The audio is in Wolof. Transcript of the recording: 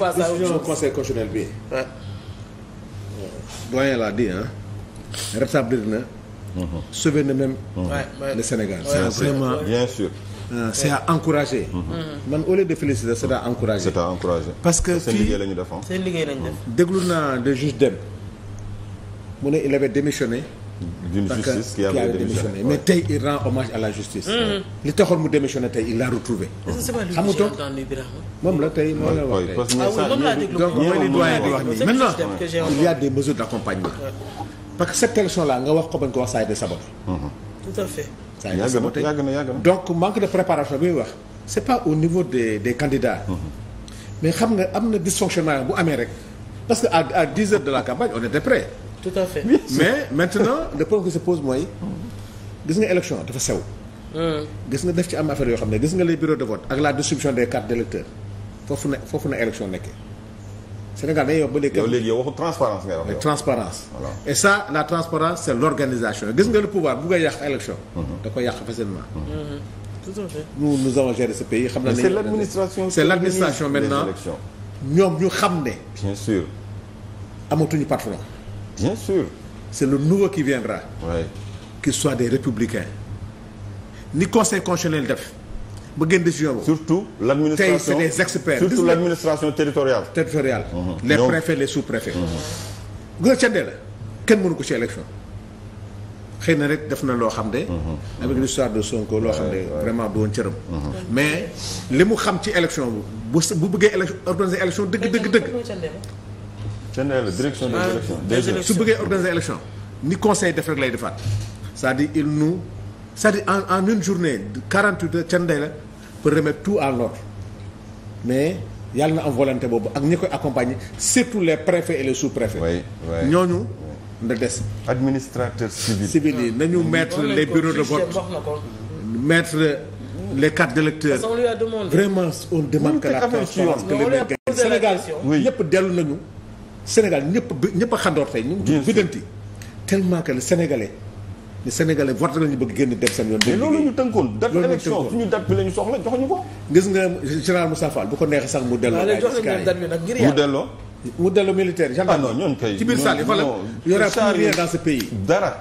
face à autre chose conseil bi. waaw. doyen l'a dit ah. rétablir na. Mhm. sauver na même. Mhm. le Sénégal. c'est vraiment bien sûr. Euh, c'est à encourager. Mhm. man au lieu de féliciter c'est à encourager. c'est à parce que fii seen liggéey la ñu def seen liggéey la ñu def. déglu naa le juge Deme mu ne il avait démissionné. d'une justice qui avait démissionné mais tey il rend hommage à la justice. Mm-hmm. li taxoon mu démissionné tey il l'a retrouvé. xam nga toog moom la tey moo la wax tey. Ah donc mooy li doyen di wax nii maintenant a parce que cette élection là nga wax ko bañ ko wax ça a été saboté. Mm-hmm. tout à fait. ça a été donc manque de préparation bi muy wax c'est pas au niveau des des candidats. Mm-hmm. mais xam nga am na dysfonctionnement bu amee rek parce que à à dix heures de la campagne on était prêts. tout mais maintenant le problème qui se pose mooy gis nga élection dafa sew. Hmm. gis nga def ci am affaire yoo xam ne gis nga lay bureaux de vote ak la distribution des cartes d'électeurs foofu na foofu na élection nekkee Sénégal dañuy wax ba léegi. yow léegi yow waxu transparence ngay wax. transparence et ça la transparence c'est l'organisation gis nga le pouvoir bu koy yàq élection. Hmm. da koy yàq facilement. Hmm. tout à fait. nous nous avons géré ce pays xam nañ. c'est l'administration c'est l'administration ñoom ñu xam ne. bien sûr amatuñu patron. Bien sûr. C'est le nouveau qui viendra. Ouais. Qu'il soit des républicains. ni conseil def ba gën décision boobu. surtout l' administration tey c'est des experts. surtout l' administration territoriale. territoriale. Mmh. les préfets les sous-préfets. Mm-hmm. gën a la kenn mënu ko ci élection. xëy na rek def na loo xam de. Mm-hmm. avec l'histoire de Sonko loo xam ne vraiment du woon mm-hmm. mais li mu xam ci élection bu bu bëggee élection organiser élection dëgg dëgg dëgg. général direction des ah, élections des élections su bëggee organiser ni conseil def rek lay defaat cest di dire il nous cest à en en une journée 48 heures candé la pour remettre tout en ordre mais yàlla na am volonté boobu ak ñi koy accompagner surtout les préfets et les sous-préfets. ñooñu na des. administrateur civil. civil yi nañu mettre les bureaux de vote mettre les cartes d'électeurs vraiment on demande que la transparence que le Sénégal yëpp dellu nañu. Sénégal ñëpp ñëpp a xandoor tey ñu ngi biddanti tellement que le sénégalais le lañu bëgg génn def seen yoon mais loolu ñu tënkoon date élection suñu date bi lañu soxla jox ñu ko gis nga général Moussa bu ko neexee sax mu delloo mu delloo mu delloo militaire gendarme ah ci biir salle fa la y'aura plus rien dans ce pays dara